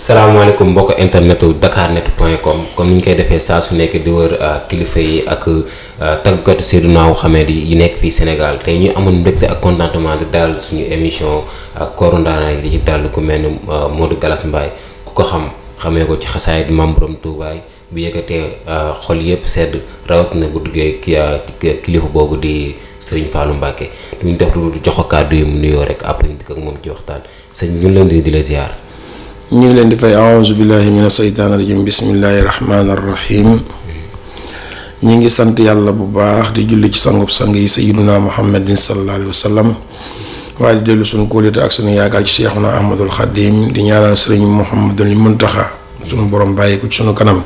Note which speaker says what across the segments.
Speaker 1: salaamaaleykum mbokk internetu dakarnet.com comme ni ñu koy defee saa su nekkee di wër euh, kilifa yi ak euh, tàggatu Seydina Muhammad yi nekk fii Sénégal tey ñu amoon mbégte ak contentement di dalal suñu émission euh, kooru ndaanaan di ci dalal ku mel ni Modou Gallass Mbaye ku ko xam xamee ko ci xasaay di Maam Borom Tuubaay bu yëkkatee xol yëpp sedd na bu duggee ki kilifa boobu di Serigne Fallou Mbacké duñ def lu jox joxo kàddu yi mu nuyoo rek après ñu dikk ak moom ci waxtaan sëñ ñu di la ziar.
Speaker 2: ñu ngi leen di fay aouzu billahi min asheytaan rajim bismillahi rahmaani rahim ñi ngi sant yàlla bu baax di julli ci sangub sang yi sayiduna muhammadin sallallahu alayhi wa sallam waaye di dellu suñu kóolite ak suñu yaakaar ci cheikhuna ahmadul xadim di ñaanal sëriñ muhammadul muntaxa suñu borom bàyyi ko ci suñu kanam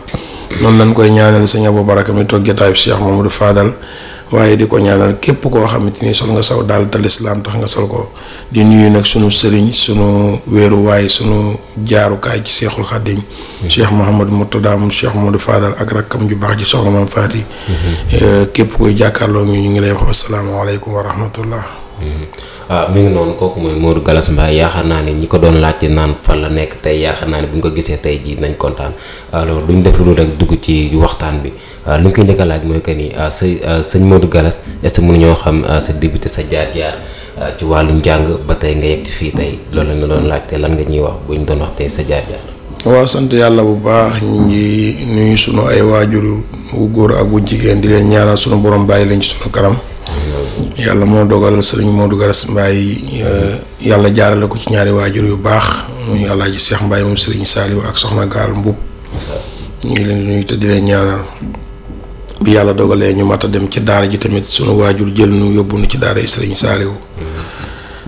Speaker 2: noonu lañ koy ñaanal sëñ Abu Baraka mi toog jataay bi cheikh mamadou waaye di ko ñaanal képp koo xamante ni sol nga saw daal te lislaam tax nga sol ko di nuyu nag sunu sëriñ sunu wéeruwaay sunu jaarukaay ci seexul xaddim mm-hmm. cheikh Mouhamadou Mourtada moom cheikh Mouhamadou Fadal ak rakkam ju baax
Speaker 1: ji soxna maam Faati
Speaker 2: mm-hmm. eh,
Speaker 1: képp koy jàkkaarloo ñu ñu ngi lay wax
Speaker 2: asalaamaaleykum wa rahmatullah
Speaker 1: mm-hmm. waaw ah, mi ngi noonu kooku mooy Modou Gallass mbaa yaakaar naa ne ñi ko doon laajte naan fan la nekk tey yaakaar naa ne bu ñu ko gisee tey jii nañ kontaan alors duñ def lu dul rek dugg ci waxtaan bi ah, li ñu koy njëkk laaj mooy que ni ah, sa sëñ Modou Gallass est-ce que ñoo xam sa débuté sa jaar-jaar ci wàllu njàng ba tey nga yegg ci fii tey loolu la ñu doon laajte lan nga ñuy wax bu ñu doon wax tey sa jaar-jaar.
Speaker 2: waaw sant yàlla bu baax ñu sunu ay waajur wu góor ak wu jigéen di leen ñaanal sunu borom bàyyi leen ci sunu kanam. yàlla moo dogal sëriñ Modou Garas Mbaye euh, yàlla jaarale ko ci ñaari waajur yu baax muy Alaaji Seex Mbaye moom sëriñ Saliou ak soxna Gaal Mbub ñu ngi leen di nuyu te di leen bi yàlla dogalee ñu mat a dem ci daara ji tamit sunu waajur jël nu yóbbu nu ci daara sëriñ Saliou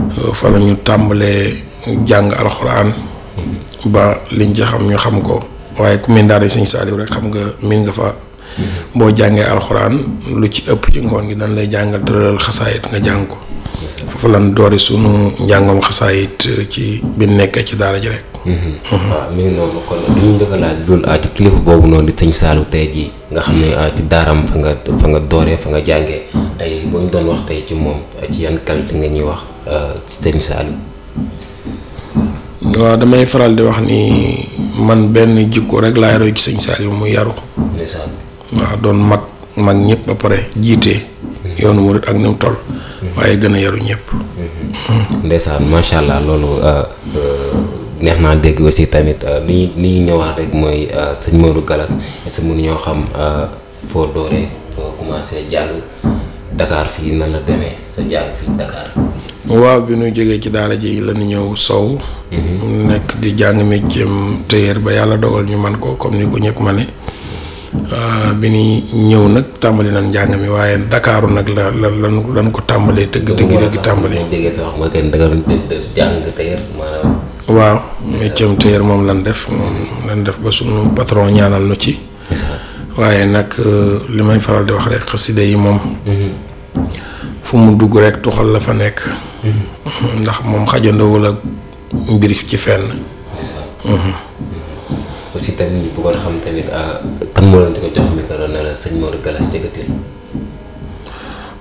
Speaker 2: euh, fa la ñu tàmbalee jàng alxuraan ba liñ ci xam ñu xam ko waaye ku mel daara sëriñ Saliou rek xam nga min nga fa boo jàngee alxuraan lu ci ëpp ci ngoon gi dañ lay jàngal tëralal xasaayit nga jàng ko
Speaker 1: foofu lan doori sunu njàngoom xasaayit euh, ci bi nekk ci daara ji rek. waaw mhm. mhm. ah, ah, kilifa boobu noonu di sëñ Saalu tey ji nga xam ne ah, ci daaram fa nga fa dooree fa nga jàngee tey boo ñu doon wax tey ci moom ci yan qualité nga ñuy wax ci euh, sëñ Saalu. waaw damay faral
Speaker 2: di wax ni man benn jikko rek laay roy ci sëñ Saalu muy yaru. waaw doon mag mag ñëpp ba pare jiite yoonu murit ak ni mu waaye gën
Speaker 1: a yaru ñëpp
Speaker 3: mm-hmm.
Speaker 1: ndeysaan macha allah loolu uh, uh, neex naa dégg aussi tamit uh, li li ñu ñëwaat rek mooy sëñ Modou Gallass est-ce ñoo xam foo dooree foo commencé jàng Dakar fii nan demee sa jàng fii Dakar
Speaker 2: waaw bi ñu jógee ci daara ji la ñu ñëw sow mm-hmm. nekk di jàng mi métier téyeer ba yàlla dogal ñu man ko comme ni ko ñëpp ma ne Euh, bi ni ñëw nag tàmbali nañ njàng mi waaye ndakaaru nag la la lan lan ko tàmbalee dëgg dëgg dëgg tàmbali. waaw métier am moom lan def moom lan def ba suñu patron ñaanal nu ci. waaye nag euh, li may faral di wax rek xasida yi moom. Mm-hmm. fu mu dugg rek toxal la fa nekk. Mm-hmm. ndax moom xajandoowul ak mbir ci fenn.
Speaker 1: aussi tamit ñu xam tamit ah, kan sëñ Modou Galass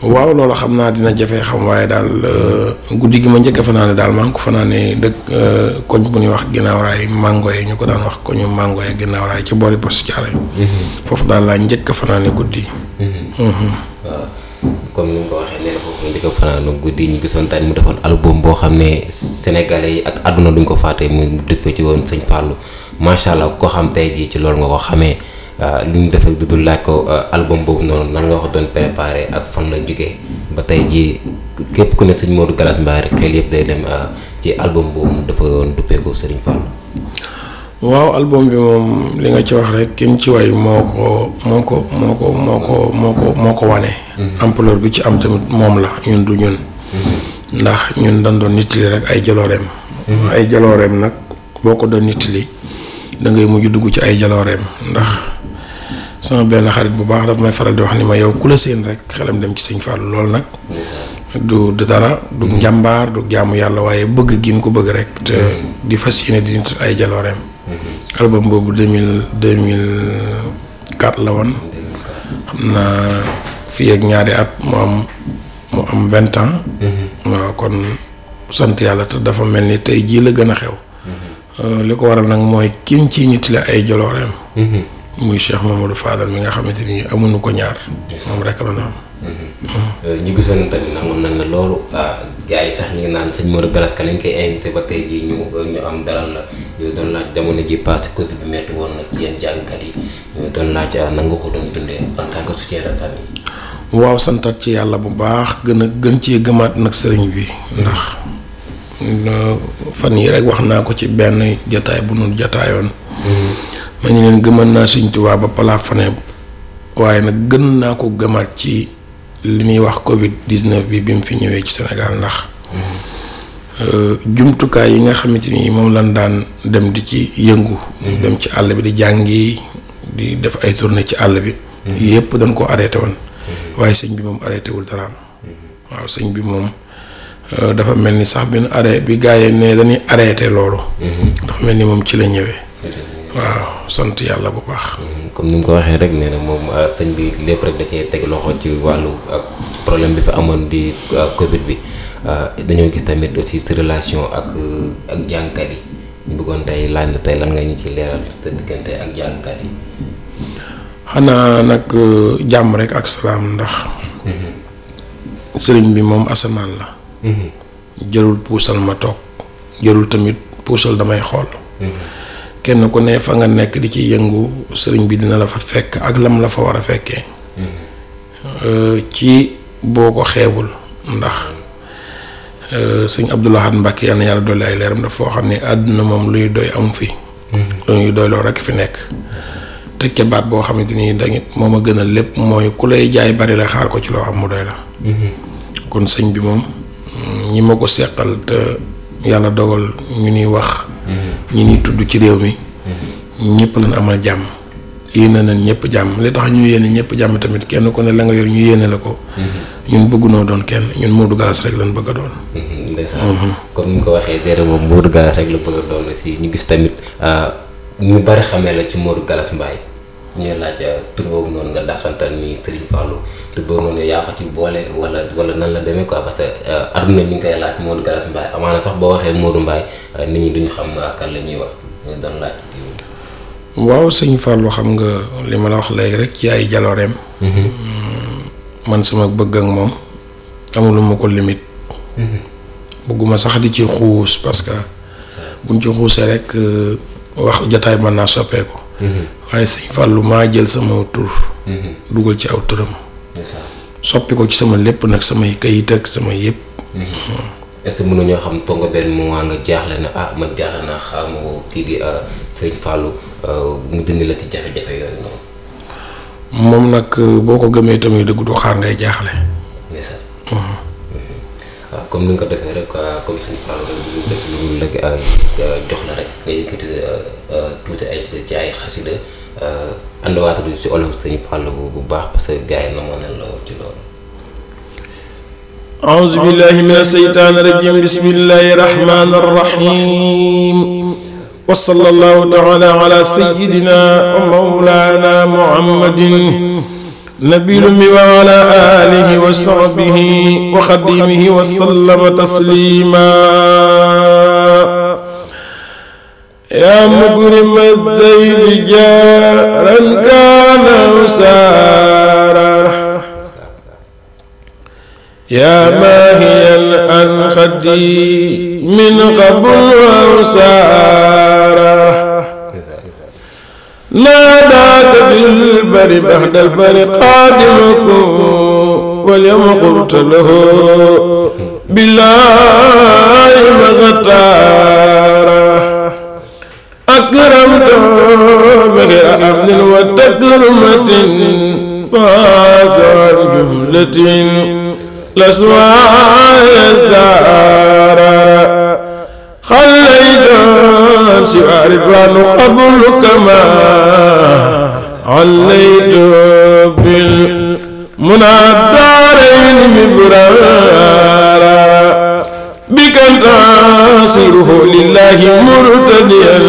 Speaker 2: waaw loolu xam naa dina jafe xam waaye daal euh, guddi gi ma njëkk a fanaane daal maa fanaane dëkk euh, koñ bu ñuy wax ginnaaw raay mango yi ñu ko daan wax koñu mango yi ginnaaw raay ci boori post Thiaroye mhm. foofu daal laa njëkk
Speaker 1: a fanaane guddi. Mhm. Mhm. waaw comme ni ko waxee di ko fanaanu guddi ñu gisoon tamit mu defoon album boo xam ne sénégalais yi ak àdduna duñ ko fàtte mu dëpp ci woon sëñ Fallou macha allah ko xam tey jii ci loolu nga ko xamee ah, lu ñu def ak du dul laaj ko ah, album boobu noonu nan nga ko doon préparé ak fan la jógee ba tey jii képp ku ne sëñ Modou Galass Mbaye rek xel yëpp day dem ah, ci album boobu dafa woon duppeeku sëriñ Fallou.
Speaker 2: waaw album bi moom li nga ci wax rek kenn ci way moo ko moo ko moo ko moo ko moo ko moo ko wane. Mhm. ampleur bi ci am tamit moom la ñun du ñun. Mhm. ndax ñun dañ doon nittali rek ay jalooreem. Mhm. ay jalooreem nag boo ko doon nittali da ngay dugg ci ay jalooreem ndax sama benn xarit bu baax daf may faral di wax ni ma yow ku la seen rek xelam dem ci sëñ Fallou lool nag. du du dara du njàmbaar du jaamu yàlla waaye bëgg gin ko bëgg rek. te di fas yéene di nit ay jalooreem. album mboobu deux mille deux mille quatre la woon xam naa fii ak ñaari at mu am mu am vingt ans. Mhm. waaw kon sant yàlla te dafa mel ni tey jii la gën a xew. Mhm. li ko waral nag mooy kiñ ci ñu tile ay jolooreem. Mhm. muy Cheikh Mamadou Fadal mi nga xamante ni amuñu ko ñaar moom rek la na ñu
Speaker 1: euh, gisoon tamit nangoon nañ la loolu gars yi sax ñu ngi naan sëñ Modou Gallass ji passé Covid woon na ci yéen jàngkat yi ñu ah, ko doon dundee en tant
Speaker 2: waaw santaat ci yàlla bu baax gën a gën cee gëmaat nag sëriñ bi ndax fan yi rek wax naa ko ci benn jataay bu nu jataayoon. Mm-hmm. ma leen gëmal naa Sëriñ Tuubaa ba palaa fane waaye nag gën naa ko gëmaat ci. li ñuy wax Covid 19 bi bi mu fi ñëwee ci senegal ndax euh, jumtukaay yi nga xamante ni moom lañ daan dem di ci yëngu. Mm-hmm. dem ci àll bi di jàngi di def ay tournée ci àll bi. Mm-hmm. yëpp dañ ko arrêté woon. Mm-hmm. waaye sëñ bi moom arrêté wul daraam. waaw sëñ bi moom euh, dafa mel ni sax bi nu arrêté bi gars yi ne dañuy arrêté loolu. dafa mel ni moom ci la ñëwee. waaw sant yàlla bu baax.
Speaker 1: comme ni mu ko waxee rek nee na moom ah, sëñ bi lépp rek da cee teg loxo ci wàllu ah, problème bi fi amoon di ah, Covid bi dañoo gis tamit aussi sa relation ak ak jàngkat yi ñu bëggoon tey tey lan nga ñu ci leeral sa diggante ak jàngkat
Speaker 2: xanaa nag jàmm rek ak salaam ndax. Mm-hmm. sëriñ bi moom asamaan la. Mm-hmm. jërul puusal ma toog jërul tamit puusal damay xool. Mm-hmm. kenn ko ne fa nga nekk di ci yëngu sëriñ bi dina la fa fekk ak lam la fa war a fekkee euh, ci boo ko xeebul ndax euh, sëñ Abdoulahat Mbàkke yal na yàlla dolli ay leeram dafa foo xam ne àdduna moom luy doy am fi mm-hmm. lu ñuy doyloo rekk fi nekk tëj baat boo xamante ni dangit moom a gënal lépp mooy ku lay jaay bari la xaar ko ci loo am mu doy la mm-hmm. kon sëñ bi moom ñi ma ko seqal te yàlla dogal ñu nuy wax ñi ñuy tudd ci réew mi ñëpp lañ amal jàmm yéene nañ ñëpp jàmm li tax ñu yéene ñëpp jàmm tamit kenn ku ne la nga yor ñu yéene la ko ñun bëgg noo doon kenn ñun Modou Galass rek lañ
Speaker 1: bëgg a doon mhm. comme ni nga ko waxee déedéet moom Modou Galass rek la bëgg a doon aussi ñu gis tamit ah, ñu bari xamee la ci Modou Galass ñu ngi laaj euh, tur boobu noonu nga dàqantal ni Serigne ko ci boole wala wala nan la demee quoi euh, ñu euh, nit ñi duñu xam kan la ñuy wax ñu doon laaj.
Speaker 2: waaw sëñ Fallou xam nga li ma la wax léegi rek ci ay jalooreem. Mm-hmm. Mm, man sama bëgg ak moom amuluma ko limite. Mm-hmm. bëgguma sax di ci xuus parce que buñ ci xuusee rek wax jotaay mën naa soppeeku. Mm-hmm. waaye sëñ Fallou maa jël sama tur. Mm-hmm. dugal ci aw turam. soppi ko ci sama lépp nag samay kayit ak sama yëpp.
Speaker 1: Mm-hmm. est-ce que mën nañoo xam toog nga benn moment nga jaaxle na ah man jaaxle naa xaama ah, ah, moom
Speaker 2: nag boo ko gëmee tamit dëgg du xaar ngay
Speaker 1: jaaxle. waaw comme ni nga ko defee rek comme suñu faral ñu def jox la rek nga yëkkati euh, euh, tuuti ay ci ay xasida àndawaat euh, si olof sëñ Fallou bu baax parce que gars yi namoon nañ la ci loolu.
Speaker 3: أعوذ بالله من الشيطان الرجيم بسم الله الرحمن الرحيم وصلى الله تعالى على سيدنا ومولانا محمد نبي وعلى آله وصحبه وخديمه وسلم تسليما يا مكرم الذيب جارا كان وسارا
Speaker 2: يا ماهيا
Speaker 3: عن خدي من قبل وسارا البر بعد البر قادمك واليوم قلت له بالله مغتارا أكرمت بغير أمن وتكرمة فاز عن جملة لسواي الدارا خليت سوى رضوان قبل كما عليت بالمنى الدارين مبرارا بك تاصره لله مرتديا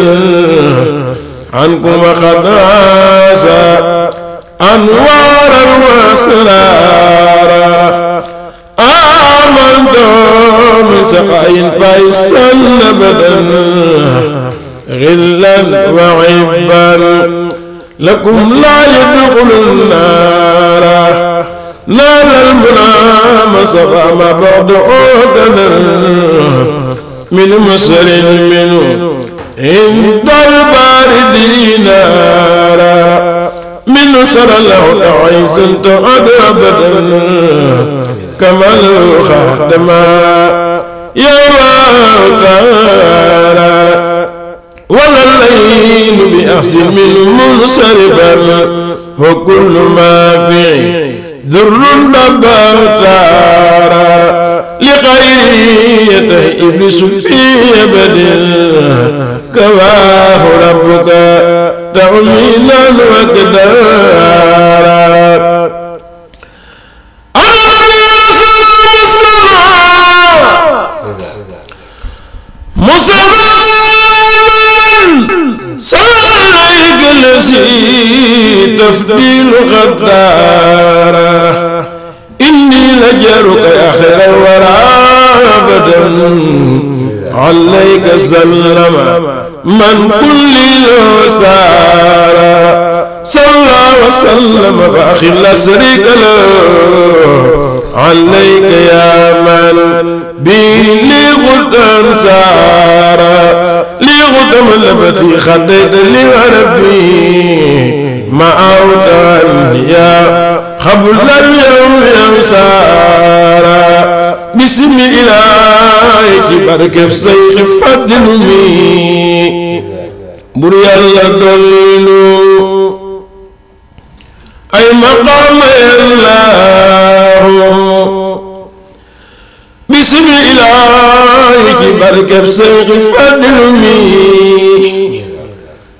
Speaker 3: عنكم خداسا أنوارا وأسرارا آمنت من سقاء فايسا أبدا غلا وعبا لكم لا يدخل النار نال المنام صفى ما بعد أوتنا من مصر منه عند الباردين نارا من سر له تعيس تعد أبدا كما لو خاتما يا الله ولا الليل بأحسن منصرفا وكل ما فيه ذر نباتارا لخيرية إبليس في أبد كواه ربك تعميلا وكدارا نفسي تفضيل غدارة إني لجرك آخر الورى أبدا عليك سلم من كل الوسارة صلى وسلم بأخي لا شريك له عليك يا من به لغدا سارة لي غدم لبتي خديت لي وربي ما أوتان يا قبل اليوم يمسارا بسم إلهك بركب سيخ فضلني بري الله دللو أي مقام الله بسم إلهك ci barkeb Sëriñ mi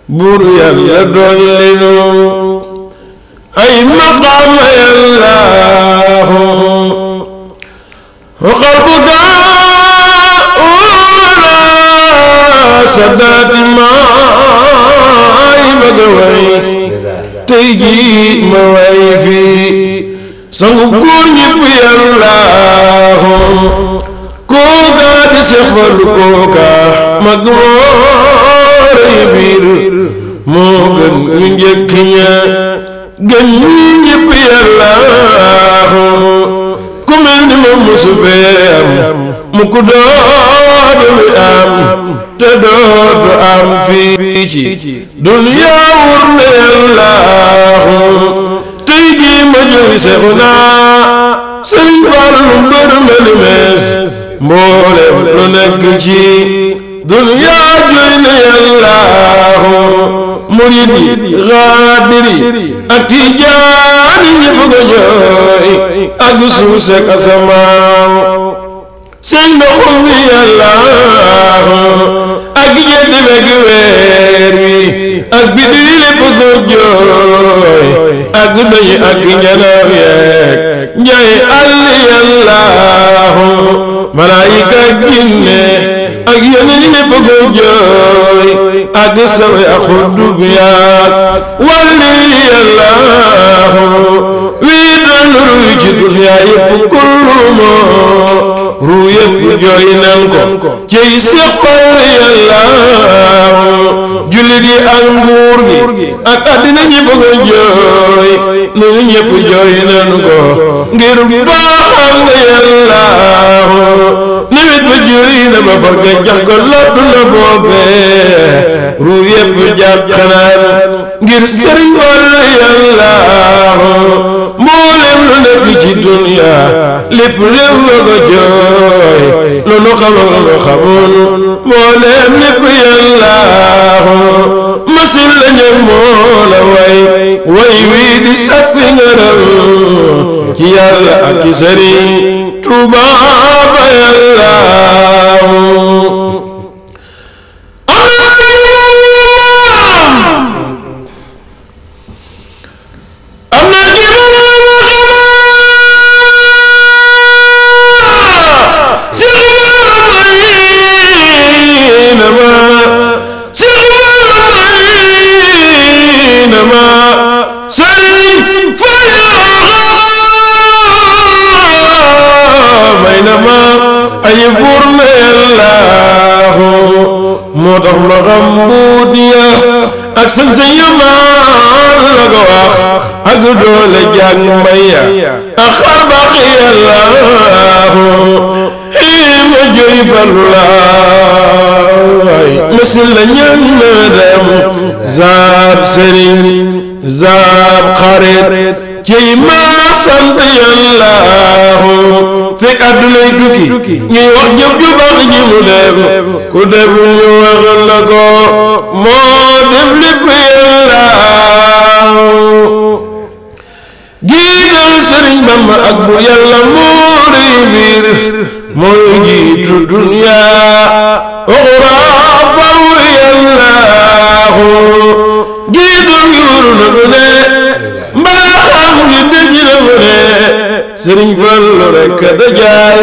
Speaker 3: buur yàlla doon lenu ay maqaama yàllaahu xalbuka wala sadaati maay bëgg a way tey jii ma way fii sangu góor ñëpp yàllaahu kooka di Seex Fallu kooka mag moo rëy biir moo gën ñu gën ñi ñëpp yàlla ku mel ni moom musu fee mu ku doodu wi am te am fii ci duniya wur na yàlla tey jii ma jël Seexuna Sëriñ Fallu mbër ma ni mees mboolem lu nekk ci dunya juy na yàllaahu murid yi xaadir yi ak tijaan yi ñëpp ko jooy ak suuf seeg gi ngeen di fekk weer wi ak biddi li lépp suuf jooy ak guddo yi ak njanaw yeeg njay àll yàllaahu malaayika jinne ak yéen ñi lépp ko jooy ak sawe ak xuddub yaag wàlli yàllaahu wii dal lu ci duniyaa yëpp kullu ruu yëpp jooy nan ko cey séqal yàlla jullit yi ak nguur gi ak àddina ñi bëgg a jooy nunu jooy nan ko ngir baaxal nga yàlla nawet ba jooy na ba fa gàncax ga lodd na boobee ruur yépp jàq naan sëriñ wàllu yàlla mboolem lu nekk ci dunya lépp lépp nga ko jooy nu xam nu xamul mboolem lépp yàlla masin la ñëw moo la way way wii di sàkk ngërëm ci yàlla ak sëriñ Tuubaa ba yàlla ak sëñ sëñ yamaar la ko wax ak doole jàng mbaya ak xarbax yàllaahu xiima joy falu laay masil la ñëw na dem zaab sëriñ zaab xarit cey maa sant yàllaahu fekk àddunay tukki ñuy wax jëf ju baax mu def ku def ñu waxal la ko moo def lépp yàllaahu jiital sëriñ Bamba ak bu yàlla moo rëy biir mooy jiitu duniyaa uxraa faw yàllaahu jiital yuuru na du mbaa xam li dëj la wëree sëriñ Fallu rekk da jaay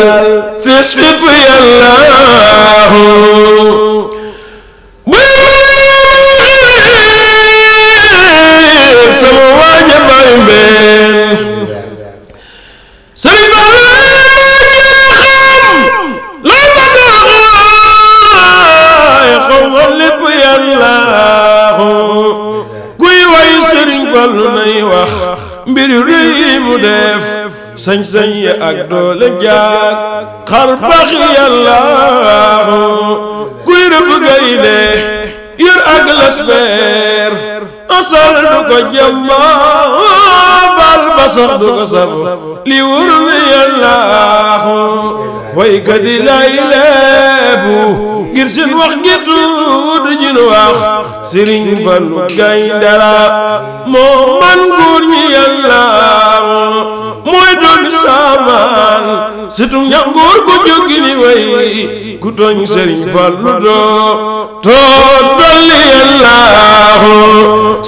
Speaker 3: sañ-sañ yi ak doole jaag xar pax yàllaahu kuy rëbb gaynde yër ak lesbeer asal du ko jëmma bal ba du ko li wër ni yàllaahu waykat yi lay leebu ngir wax gi tuuti ñu wax sëriñ Fallu gaynde la moo man góor mooy doomi saamaan situ njàngoor ko jógi li way ku tooñ sëriñ Fallu doo too dolli yàllaahu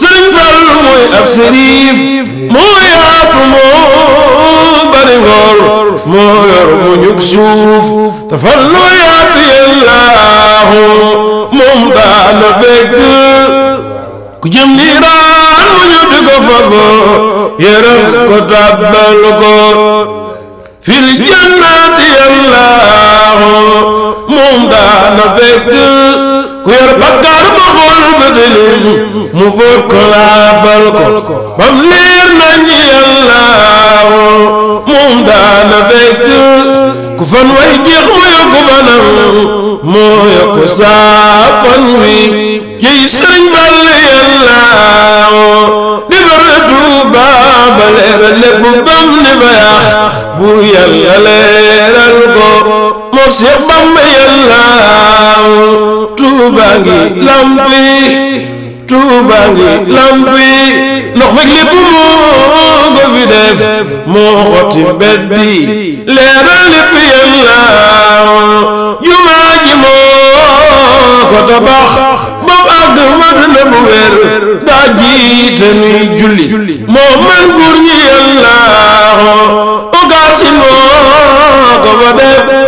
Speaker 3: sëriñ Fallu mooy ab sëriif moo yaatu moo bari ngor moo yor mu ñug suuf te Fallu yaatu yàllaahu moom daana bëgg ku jëm niiraan mu ñu di ko fago yërëm ko tàbbal ko fil jannaati yallaahu moom daana fekk ku yor bakkaar ba xool ba delim mu fóot ko laabal ko bam leer nañ yàlla moom daana fekk ku fan way géex mooy ku fanam mooy ku saa fan wi kiy sëriñ bàll yàllaaw di bara tuuba ba leeral lépp bam ni ba yaax buur yàlla leeral ko moo seex bamba yàllaaw tuuba ngi lampi tuuba ngi lampi ndox mag lépp moo ko fi def moo xotti mbedd bi leeral lépp yàlla jumaa ji moo ko tabax ba
Speaker 1: mu àgg mat na bu wér
Speaker 3: daa jiite nuy julli moo man góor ñi yàlla ogaasi moo ko fa def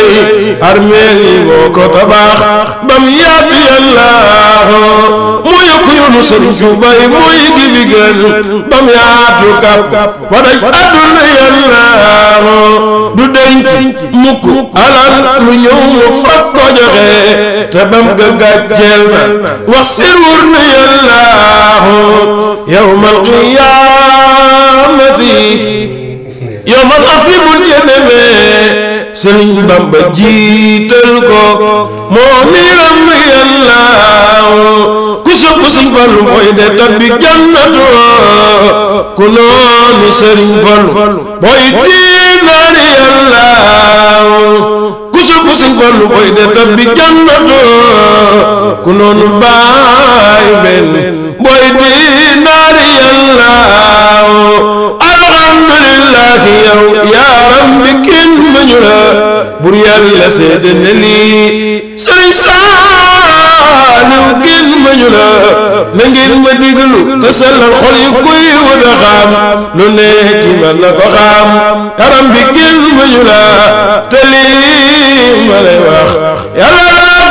Speaker 3: rëy armeel yi moo ko tabax bam yaatu yàllaahu muy kuyunu sëñ Tuubay muy gi bi gën bam yaatu kap wa daj adduna yàllaahu du denc mukk alal lu ñëw mu fat ko joxe te bam ga gàcceel na wax sirwur na yàllaahu yawmal qiyaamati yawmal asli buñ ca demee sëriñ bamba jiital ko moo miiram yàlla ku sopp sëriñ fallu mooy tabbi jannatu ku noonu sëriñ fallu tabbi jannatu ku baay benn mooy diinaari yàlla alhamdulilah yow yaa rabbi kenn bañu la bur yàlla seede ne lii sëriñ Saaliw kenn bañu la na ngeen ma diglu te sellal xol yi koy wut a xam lu nekk man la ko xam yaram bi kenn bañu la te lii ma lay wax yàlla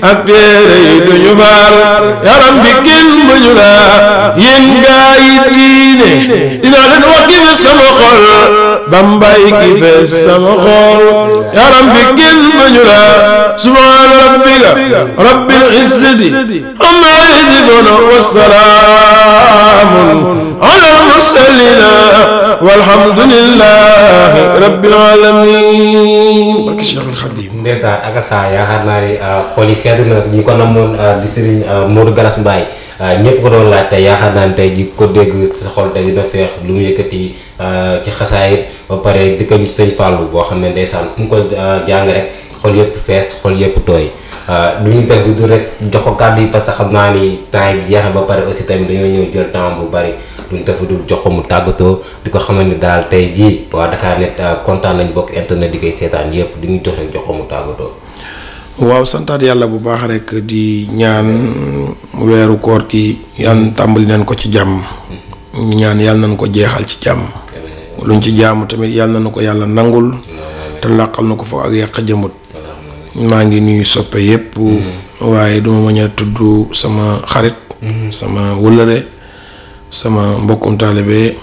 Speaker 3: ak téere yi duñu baal yaram bi kenn bañu laa yéen gaa yi diine dinaa leen wax ki fees sama xol bambay ki fees sama xol yaram bi kenn bañu laa subhaana rabbika rabbil izzati amma yasifuun wa salaamun ala al-mursaliin walhamdulillahi
Speaker 1: rabbil aalamiin barke Cheikh al Xadim ndeysaan ak saa yaakaar naa ne xol yi sedd na ñu ko namoon euh, di Serigne euh, Modou Gallass Mbaye euh, ñëpp ko doon laaj tey yaakaar naa tey ji ko dégg sa xol tey dina feex lu mu yëkkati ci xasaayit pare di ko ñu sëñ Fallou boo xam ne ndeysaan fu mu ko jàng rek yëpp fees xol yëpp tooy du ñu def du jox ko yi parce que xam naa ni temps yi jeex ba pare aussi tamit dañoo ñëw jël temps bu bari. duñ dafa dul jox ko mu tàggatoo di ko xamal ni daal tey jii waa Dakarnet ah, kontaan nañ bokk internet di koy seetaan yëpp di ñu jox rek jox ko mu tàggatoo.
Speaker 2: waaw santaat yàlla bu baax rek di ñaan weeru koor gi yan tàmbali nañ ko ci jàmm. ñaan yàlla nañ ko jeexal ci jàmm. luñ ci jaamu tamit yàlla nañ ko yàlla nangul. te làqal na ko fa ak yàq jëmut. maa ngi nuyu soppe yëpp. Mm-hmm. waaye duma ma tudd sama xarit. Mm-hmm. sama wëllëre. sama mbokkum taalibe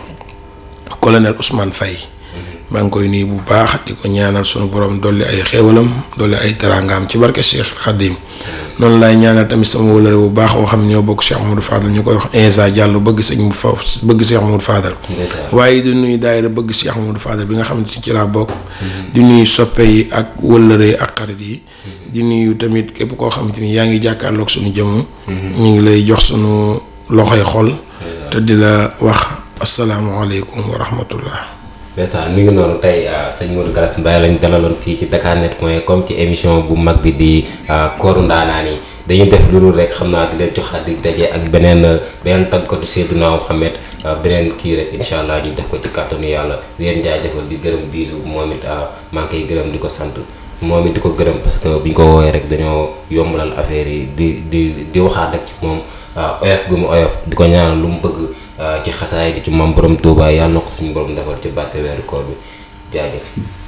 Speaker 2: colonel Ousmane fay mhm. maa ngi koy nuyu bu baax di ko ñaanal sunu borom dolli ay xéewalam dolli ay teraangaam ci barke Cheikh Khadim mhm. noonu laay ñaanal tamit sama wëlëre bu baax boo xam ne ñoo bokk Cheikh Amadou Fadal ñu koy wax Insa Diallo bëgg sëñ mu fa bëgg Cheikh Amadou Fadal. waaye di nuyu daayira bëgg Cheikh Amadou Fadal bi nga xam ne ci laa bokk. Mhm. di nuyu soppe yi ak wëlëre ak xarit yi. di nuyu tamit képp koo xamante ni yaa ngi jàkkaarloog sunu jëmm. ngi lay jox sunu loxoy xol. te di la wax asalaamualeykum wa rahmatullah.
Speaker 1: ndeysaan mi ngi noonu tey ah, sëñ Modou Galass Mbaye lañ dalaloon kii ci dakarnet.com ci émission bu mag bi di ah, kooru ndaanaan dañu def lu dul rek xam naa di leen joxaat di daje ak beneen beneen naa Seydina Mouhamed ah, beneen kii rek incha allah ñu def ko ci kàttanu yàlla di leen jaajëfal di gërëm biisu moom it maa ngi koy gërëm di ko sant. moom it di ko gërëm parce que bi ñu ko woowee rek dañoo yombalal affaire yi di di di waxaat rek ci moom ah, oyof gu mu oyof di ko ñaanal lu mu bëgg ah, ci xasaay di ci mam borom Touba yàlla na ko suñu borom defal ci barke koor bi jaajëf.